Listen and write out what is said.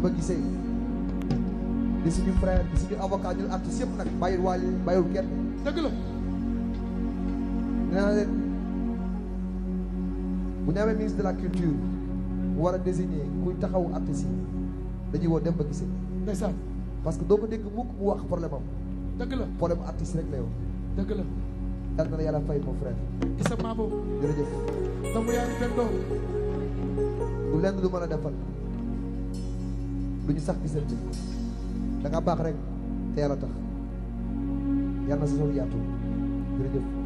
ba gisee di suñu frère di suñu avocat ñun artistes yëpp nag bàyyil waali dëgg la nee naa leen bu ñu amee de la culture war a désigner kuy taxaw artistes yi dañuy woo dem ba gisee parce que doo ko dégg mukk mu wax problème am dëgg la problème artiste rek la yow dëgg la yàlla na la yàlla fay mon frère isa maabo jërëjëf tamu yaa ngi benn doom du lenn du mën a defal du ñu sax gisante da nga te yàlla tax yàlla na sa soog